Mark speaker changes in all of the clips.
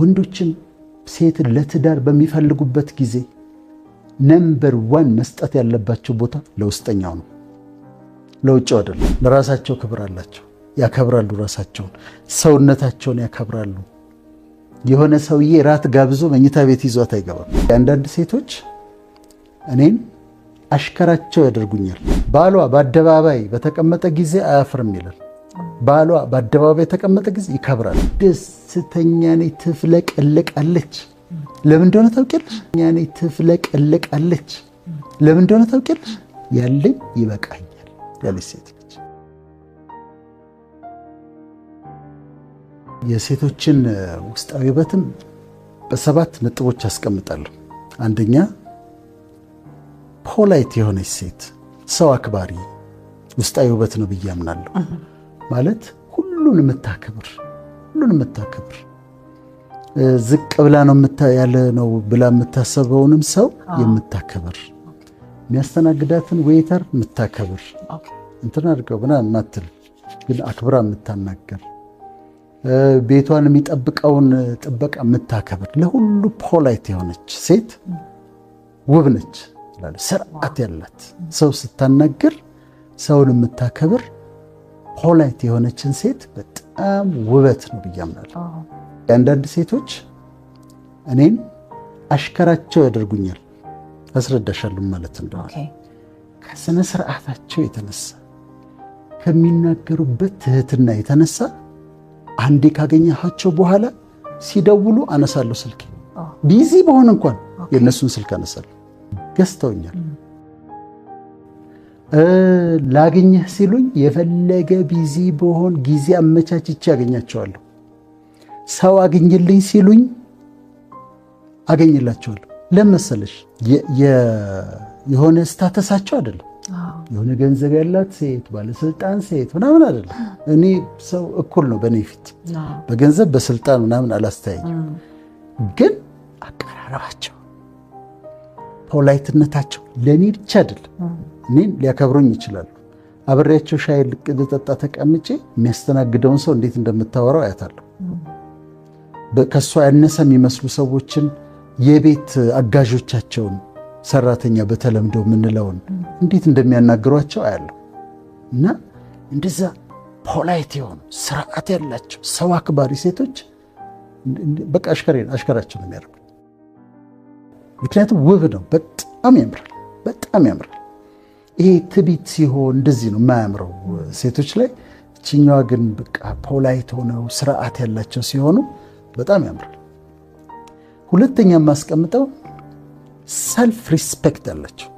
Speaker 1: ወንዶችም ሴት ለትዳር በሚፈልጉበት ጊዜ ነምበር ዋን መስጠት ያለባቸው ቦታ ለውስጠኛው ነው፣ ለውጭ አይደለም። ለራሳቸው ክብር አላቸው፣ ያከብራሉ፣ ራሳቸውን ሰውነታቸውን ያከብራሉ። የሆነ ሰውዬ ራት ጋብዞ መኝታ ቤት ይዟት አይገባም። የአንዳንድ ሴቶች እኔን አሽከራቸው ያደርጉኛል፣ ባሏ በአደባባይ በተቀመጠ ጊዜ አያፍርም ይላል። ባሏ በአደባባይ የተቀመጠ ጊዜ ይከብራል። ደስተኛ ነኝ ትፍለቀለቃለች። ለምን እንደሆነ ታውቂያለሽ? እኔ ትፍለቀለቃለች። ለምን እንደሆነ ታውቂያለሽ? ያለኝ ይበቃኛል ያለች ሴት ነች። የሴቶችን ውስጣዊ ውበትም በሰባት ነጥቦች አስቀምጣለሁ። አንደኛ ፖላይት የሆነች ሴት ሰው አክባሪ ውስጣዊ ውበት ነው ብዬ አምናለሁ። ማለት ሁሉን የምታከብር ሁሉን የምታከብር ዝቅ ብላ ነው ያለ ነው ብላ የምታሰበውንም ሰው የምታከብር የሚያስተናግዳትን ዌይተር የምታከብር እንትን አድርገው ብና እናትል ግን አክብራ የምታናገር ቤቷን የሚጠብቀውን ጥበቃ የምታከብር ለሁሉ ፖላይት የሆነች ሴት ውብ ነች። ስርዓት ያላት ሰው ስታናግር ሰውን የምታከብር ፖላይት የሆነችን ሴት በጣም ውበት ነው ብዬ አምናለሁ። የአንዳንድ ሴቶች እኔን አሽከራቸው ያደርጉኛል። አስረዳሻለሁ ማለት እንደሆነ ከስነ ስርዓታቸው የተነሳ ከሚናገሩበት ትህትና የተነሳ አንዴ ካገኘኋቸው በኋላ ሲደውሉ አነሳለሁ ስልኬ። ቢዚ በሆነ እንኳን የእነሱን ስልክ አነሳለሁ። ገዝተውኛል ላግኝህ ሲሉኝ የፈለገ ቢዚ በሆን ጊዜ አመቻችቼ አገኛቸዋለሁ። ሰው አግኝልኝ ሲሉኝ አገኝላቸዋለሁ። ለመሰለሽ የሆነ ስታተሳቸው አይደለም። የሆነ ገንዘብ ያላት ሴት፣ ባለስልጣን ሴት ምናምን አይደለም። እኔ ሰው እኩል ነው በእኔ ፊት በገንዘብ በስልጣን ምናምን አላስተያየም። ግን አቀራረባቸው፣ ፖላይትነታቸው ለእኔ ብቻ አይደለም እኔን ሊያከብሩኝ ይችላሉ። አብሬያቸው ሻይ ልጠጣ ተቀምጬ የሚያስተናግደውን ሰው እንዴት እንደምታወራው አያታለሁ። ከእሷ ያነሰ የሚመስሉ ሰዎችን የቤት አጋዦቻቸውን ሰራተኛ በተለምዶ የምንለውን እንዴት እንደሚያናግሯቸው አያለሁ እና እንደዛ ፖላይት የሆኑ ስርዓት ያላቸው ሰው አክባሪ ሴቶች በቃ አሽከራቸው ነው የሚያደርጉ። ምክንያቱም ውብ ነው፣ በጣም ያምራል፣ በጣም ያምራል። ይሄ ትቢት ሲሆን እንደዚህ ነው የማያምረው ሴቶች ላይ። እችኛዋ ግን በቃ ፖላይት ሆነው ስርዓት ያላቸው ሲሆኑ በጣም ያምራል። ሁለተኛ የማስቀምጠው ሰልፍ ሪስፔክት አላቸው፣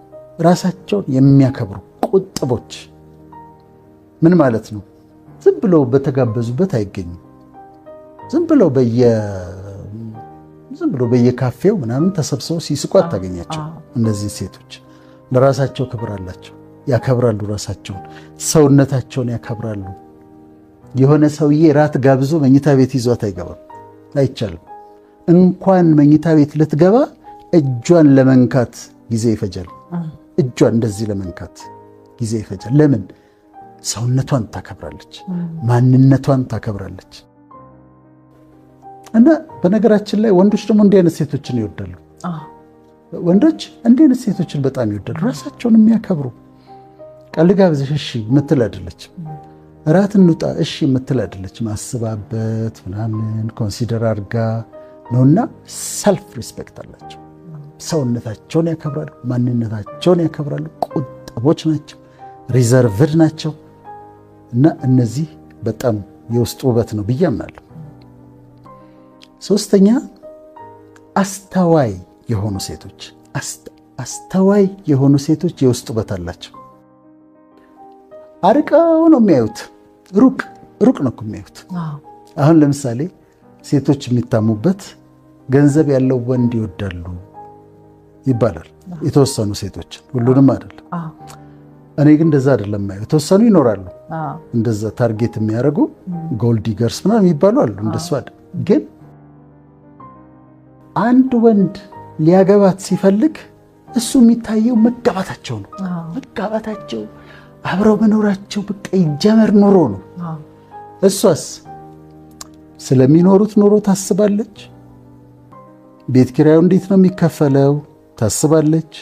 Speaker 1: ራሳቸውን የሚያከብሩ ቁጥቦች። ምን ማለት ነው? ዝም ብለው በተጋበዙበት አይገኙም። ዝም ብለው በየ ዝም ብሎ በየካፌው ምናምን ተሰብስበው ሲስቁ አታገኛቸው እነዚህ ሴቶች ለራሳቸው ክብር አላቸው፣ ያከብራሉ። ራሳቸውን ሰውነታቸውን ያከብራሉ። የሆነ ሰውዬ ራት ጋብዞ መኝታ ቤት ይዟት አይገባም፣ አይቻልም። እንኳን መኝታ ቤት ልትገባ እጇን ለመንካት ጊዜ ይፈጃል። እጇን እንደዚህ ለመንካት ጊዜ ይፈጃል። ለምን? ሰውነቷን ታከብራለች፣ ማንነቷን ታከብራለች። እና በነገራችን ላይ ወንዶች ደግሞ እንዲህ አይነት ሴቶችን ይወዳሉ። ወንዶች እንዴት አይነት ሴቶችን በጣም ይወዳሉ። ራሳቸውን የሚያከብሩ ቀልድ ጋብዘሽ እሺ የምትል አይደለች። እራት እንውጣ እሺ የምትል አይደለች። ማስባበት ምናምን ኮንሲደር አድርጋ ነውና ሰልፍ ሪስፔክት አላቸው። ሰውነታቸውን ያከብራሉ፣ ማንነታቸውን ያከብራሉ። ቁጥቦች ናቸው፣ ሪዘርቭድ ናቸው። እና እነዚህ በጣም የውስጥ ውበት ነው ብዬ አምናለሁ። ሶስተኛ አስተዋይ የሆኑ ሴቶች አስተዋይ የሆኑ ሴቶች የውስጥ ውበት አላቸው። አርቀው ነው የሚያዩት። ሩቅ ሩቅ ነው የሚያዩት። አሁን ለምሳሌ ሴቶች የሚታሙበት ገንዘብ ያለው ወንድ ይወዳሉ ይባላል። የተወሰኑ ሴቶችን ሁሉንም አይደለም። እኔ ግን እንደዛ አይደለም የማየው። የተወሰኑ ይኖራሉ እንደዛ ታርጌት የሚያደርጉ ጎልድ ዲገርስ ምናምን የሚባሉ አሉ። እንደሱ አይደል ግን አንድ ወንድ ሊያገባት ሲፈልግ እሱ የሚታየው መጋባታቸው ነው። መጋባታቸው አብረው መኖራቸው በቃ ይጀመር ኑሮ ነው። እሷስ ስለሚኖሩት ኑሮ ታስባለች። ቤት ኪራዩ እንዴት ነው የሚከፈለው ታስባለች።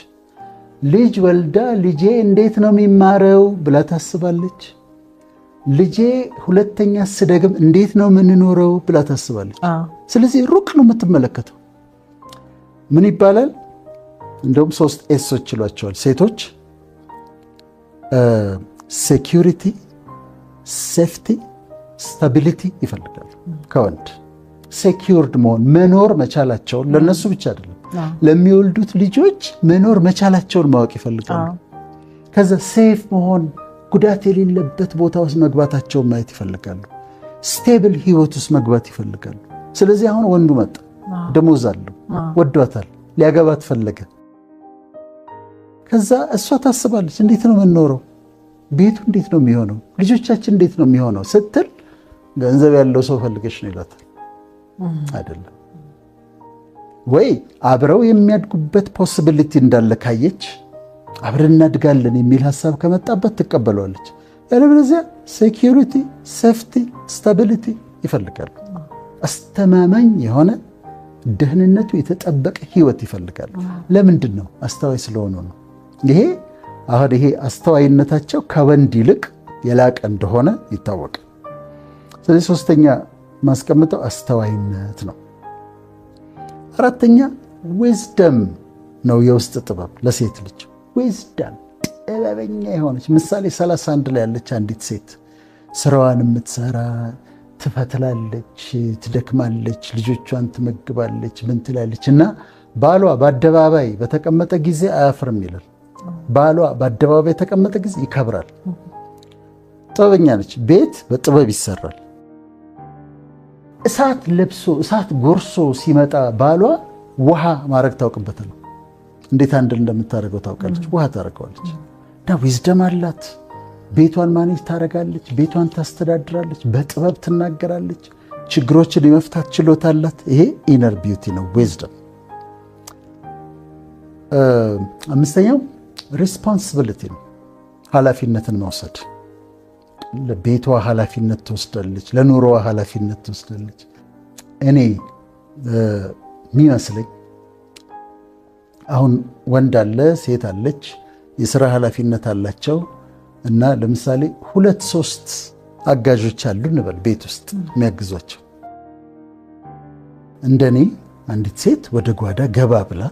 Speaker 1: ልጅ ወልዳ ልጄ እንዴት ነው የሚማረው ብላ ታስባለች። ልጄ ሁለተኛ ስደግም እንዴት ነው የምንኖረው ብላ ታስባለች። ስለዚህ ሩቅ ነው የምትመለከተው ምን ይባላል? እንደውም ሶስት ኤሶች ይሏቸዋል ሴቶች ሴኪሪቲ፣ ሴፍቲ፣ ስታቢሊቲ ይፈልጋሉ። ከወንድ ሴኪርድ መሆን መኖር መቻላቸውን ለነሱ ብቻ አይደለም ለሚወልዱት ልጆች መኖር መቻላቸውን ማወቅ ይፈልጋሉ። ከዛ ሴፍ መሆን ጉዳት የሌለበት ቦታ ውስጥ መግባታቸውን ማየት ይፈልጋሉ። ስቴብል ህይወት ውስጥ መግባት ይፈልጋሉ። ስለዚህ አሁን ወንዱ መጣ፣ ደሞዝ አለው ወዷታል፣ ሊያገባት ፈለገ። ከዛ እሷ ታስባለች፣ እንዴት ነው የምንኖረው? ቤቱ እንዴት ነው የሚሆነው? ልጆቻችን እንዴት ነው የሚሆነው ስትል ገንዘብ ያለው ሰው ፈልገች ነው ይላታል። አይደለም ወይ አብረው የሚያድጉበት ፖስቢሊቲ እንዳለ ካየች አብረን እናድጋለን የሚል ሀሳብ ከመጣበት ትቀበለዋለች። ያለበለዚያ ሴኪሪቲ፣ ሴፍቲ፣ ስታቢሊቲ ይፈልጋሉ። አስተማማኝ የሆነ ደህንነቱ የተጠበቀ ህይወት ይፈልጋሉ። ለምንድን ነው? አስተዋይ ስለሆኑ ነው። ይሄ አሁን ይሄ አስተዋይነታቸው ከወንድ ይልቅ የላቀ እንደሆነ ይታወቃል። ስለዚህ ሶስተኛ ማስቀምጠው አስተዋይነት ነው። አራተኛ ዊዝደም ነው፣ የውስጥ ጥበብ ለሴት ልጅ ዊዝደም፣ ጥበበኛ የሆነች ምሳሌ 31 ላይ ያለች አንዲት ሴት ስራዋን የምትሰራ ትፈትላለች፣ ትደክማለች፣ ልጆቿን ትመግባለች፣ ምን ትላለች እና ባሏ በአደባባይ በተቀመጠ ጊዜ አያፍርም ይላል። ባሏ በአደባባይ የተቀመጠ ጊዜ ይከብራል። ጥበበኛ ነች። ቤት በጥበብ ይሰራል። እሳት ለብሶ እሳት ጎርሶ ሲመጣ ባሏ ውሃ ማድረግ ታውቅበታል። እንዴት አንድል እንደምታደርገው ታውቃለች። ውሃ ታደርገዋለች እና ዊዝደም አላት። ቤቷን ማኔጅ ታደርጋለች፣ ቤቷን ታስተዳድራለች፣ በጥበብ ትናገራለች፣ ችግሮችን የመፍታት ችሎታ አላት። ይሄ ኢነር ቢዩቲ ነው፣ ዊዝደም። አምስተኛው ሪስፖንሲቢሊቲ ነው፣ ኃላፊነትን መውሰድ። ለቤቷ ኃላፊነት ትወስዳለች፣ ለኑሮዋ ኃላፊነት ትወስዳለች። እኔ የሚመስለኝ አሁን ወንድ አለ፣ ሴት አለች፣ የስራ ኃላፊነት አላቸው እና ለምሳሌ ሁለት ሶስት አጋዦች አሉ እንበል ቤት ውስጥ የሚያግዟቸው። እንደኔ አንዲት ሴት ወደ ጓዳ ገባ ብላ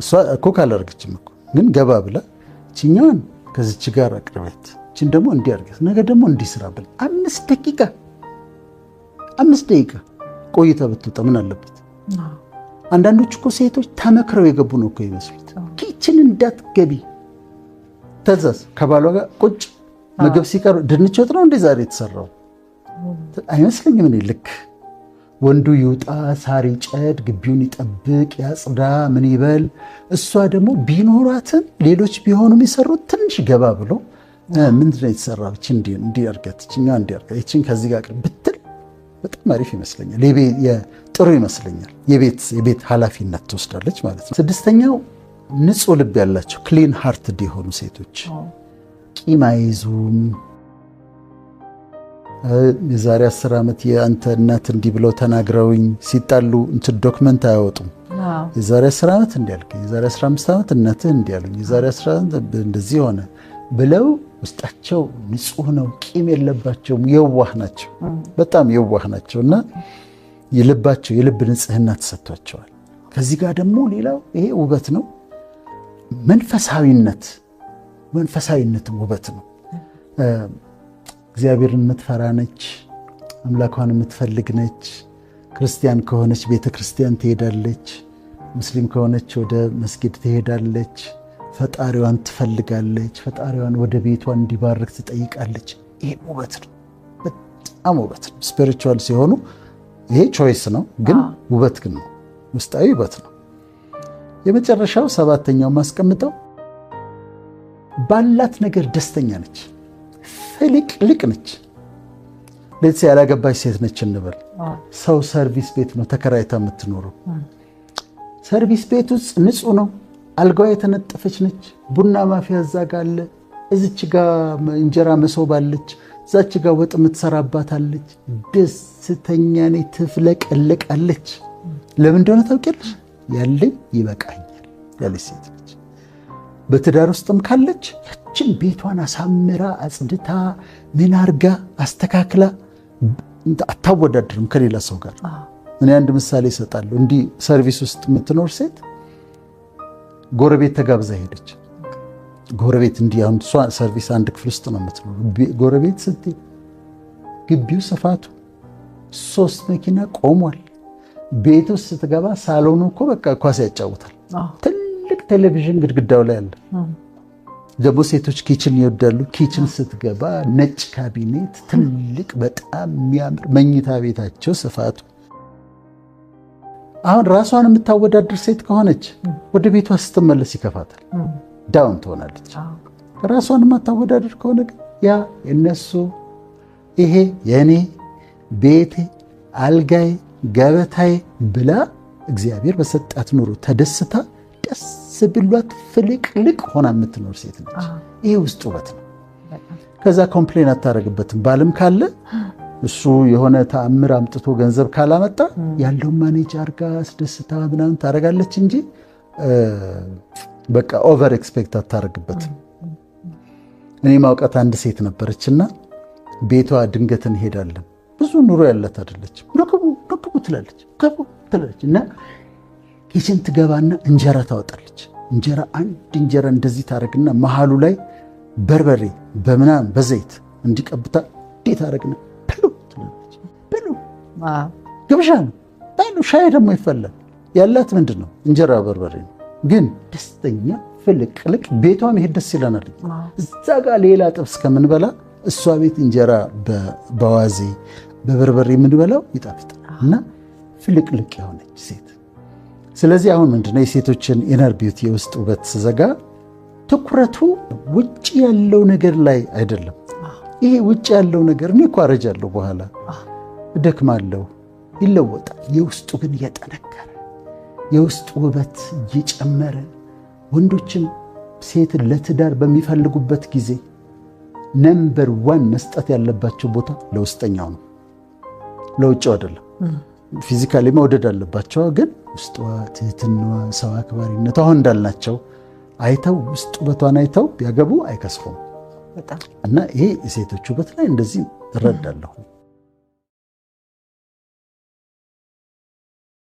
Speaker 1: እሷ ኮክ አላደረገችም እኮ ግን ገባ ብላ ችኛዋን ከዚች ጋር አቅርቤት ችን ደግሞ እንዲያርገት አድርጊያት፣ ነገ ደግሞ እንዲስራ ስራ ብላ አምስት ደቂቃ አምስት ደቂቃ ቆይታ ብትወጣ ምን አለበት? አንዳንዶች እኮ ሴቶች ተመክረው የገቡ ነው እኮ ይመስሉት ኪችን እንዳትገቢ ተዘዝ ከባሏ ጋር ቁጭ ምግብ ሲቀርብ ድንች ወጥ ነው እንዴ ዛሬ የተሰራው? አይመስለኝም። እኔ ልክ ወንዱ ይውጣ፣ ሳር ይጨድ፣ ግቢውን ይጠብቅ፣ ያጽዳ፣ ምን ይበል። እሷ ደግሞ ቢኖራትም ሌሎች ቢሆኑ የሰሩት ትንሽ ገባ ብሎ ምንድን ነው የተሰራ እንዲርገት ይችን ከዚህ ጋር ብትል በጣም አሪፍ ይመስለኛል። ጥሩ ይመስለኛል። የቤት ኃላፊነት ትወስዳለች ማለት ነው። ስድስተኛው ንጹህ ልብ ያላቸው ክሊን ሃርትድ የሆኑ ሴቶች ቂም አይዙም። የዛሬ አስር ዓመት የአንተ እናት እንዲህ ብለው ተናግረውኝ ሲጣሉ እንትን ዶክመንት አያወጡም። የዛሬ አስር ዓመት እንዲያልከኝ፣ የዛሬ አስራ አምስት ዓመት እናትህ እንዲያሉኝ፣ የዛሬ አስራ እንደዚህ ሆነ ብለው ውስጣቸው ንጹህ ነው። ቂም የለባቸውም። የዋህ ናቸው፣ በጣም የዋህ ናቸው እና የልባቸው የልብ ንጽህና ተሰጥቷቸዋል። ከዚህ ጋር ደግሞ ሌላው ይሄ ውበት ነው። መንፈሳዊነት መንፈሳዊነት ውበት ነው። እግዚአብሔርን የምትፈራ ነች፣ አምላኳን የምትፈልግ ነች። ክርስቲያን ከሆነች ቤተ ክርስቲያን ትሄዳለች፣ ሙስሊም ከሆነች ወደ መስጊድ ትሄዳለች። ፈጣሪዋን ትፈልጋለች። ፈጣሪዋን ወደ ቤቷ እንዲባርክ ትጠይቃለች። ይሄ ውበት ነው፣ በጣም ውበት ነው። ስፒሪቹዋል ሲሆኑ ይሄ ቾይስ ነው፣ ግን ውበት ግን ነው፣ ውስጣዊ ውበት ነው። የመጨረሻው ሰባተኛው ማስቀምጠው ባላት ነገር ደስተኛ ነች፣ ፍልቅልቅ ነች። ቤተሰብ ያላገባች ሴት ነች እንበል። ሰው ሰርቪስ ቤት ነው ተከራይታ የምትኖረው። ሰርቪስ ቤት ውስጥ ንጹህ ነው። አልጋዋ የተነጠፈች ነች። ቡና ማፊያ እዛ ጋ አለ፣ እዚች ጋ እንጀራ መሶብ አለች፣ እዛች ጋ ወጥ የምትሰራባት አለች። ደስተኛ ነች፣ ትፍለቀለቃለች። ለምን እንደሆነ ታውቂያለሽ? ያለኝ ይበቃኛል ያለች ሴት ነች። በትዳር ውስጥም ካለች ያችን ቤቷን አሳምራ አጽድታ ምን አርጋ አስተካክላ አታወዳድርም ከሌላ ሰው ጋር። እኔ አንድ ምሳሌ ይሰጣሉ እንዲህ ሰርቪስ ውስጥ የምትኖር ሴት ጎረቤት ተጋብዛ ሄደች። ጎረቤት እንዲህ አሁን እሷ ሰርቪስ አንድ ክፍል ውስጥ ነው የምትኖር። ጎረቤት ስትይ ግቢው ስፋቱ ሶስት መኪና ቆሟል። ቤት ውስጥ ስትገባ ሳሎኑ እኮ በቃ ኳስ ያጫውታል። ትልቅ ቴሌቪዥን ግድግዳው ላይ አለ። ደግሞ ሴቶች ኪችን ይወዳሉ። ኪችን ስትገባ ነጭ ካቢኔት፣ ትልቅ በጣም የሚያምር መኝታ ቤታቸው ስፋቱ። አሁን ራሷን የምታወዳድር ሴት ከሆነች ወደ ቤቷ ስትመለስ ይከፋታል፣ ዳውን ትሆናለች። ራሷን የማታወዳድር ከሆነ ያ የነሱ ይሄ የእኔ ቤቴ አልጋዬ ገበታዬ ብላ እግዚአብሔር በሰጣት ኑሮ ተደስታ ደስ ብሏት ፍልቅልቅ ሆና የምትኖር ሴት ነች። ይሄ ውስጥ ውበት ነው። ከዛ ኮምፕሌን አታደርግበትም። ባልም ካለ እሱ የሆነ ተአምር አምጥቶ ገንዘብ ካላመጣ ያለውን ማኔጅ አርጋ አስደስታ ምናምን ታደርጋለች እንጂ በቃ ኦቨር ኤክስፔክት አታደርግበትም። እኔ ማውቃት አንድ ሴት ነበረችና ቤቷ ድንገት እንሄዳለን ብዙ ኑሮ ያላት አይደለችም። ትላለች ገቡ ትላለች እና ኪችን ትገባና እንጀራ ታወጣለች። እንጀራ አንድ እንጀራ እንደዚህ ታደረግና መሀሉ ላይ በርበሬ በምናም በዘይት እንዲቀብታ እንዴት ታደረግና ብሉ ትላለች። ብሉ ግብዣ ነው። ሻይ ደግሞ ይፈላል። ያላት ምንድን ነው? እንጀራ በርበሬ ነው። ግን ደስተኛ ፍልቅልቅ ቤቷ መሄድ ደስ ይለናል። እዛ ጋር ሌላ ጥብስ ከምንበላ እሷ ቤት እንጀራ በዋዜ በበርበሬ የምንበላው ይጣፍጣል። እና ፍልቅልቅ የሆነች ሴት። ስለዚህ አሁን ምንድነው የሴቶችን ኢነር ቢዩቲ የውስጥ ውበት ስዘጋ ትኩረቱ ውጭ ያለው ነገር ላይ አይደለም። ይሄ ውጭ ያለው ነገር እኔ እኮ አረጃለሁ፣ በኋላ እደክማለሁ፣ ይለወጣል። የውስጡ ግን እየጠነከረ የውስጡ ውበት እየጨመረ ወንዶችም ሴትን ለትዳር በሚፈልጉበት ጊዜ ነምበር ዋን መስጠት ያለባቸው ቦታ ለውስጠኛው ነው፣ ለውጭው አይደለም። ፊዚካሊ መውደድ አለባቸው። ግን ውስጧ ትህትናዋ፣ ሰው አክባሪነቷ አሁን እንዳልናቸው አይተው ውስጥ ውበቷን አይተው ቢያገቡ አይከስፉም እና ይሄ የሴቶች ውበት ላይ እንደዚህ እረዳለሁ።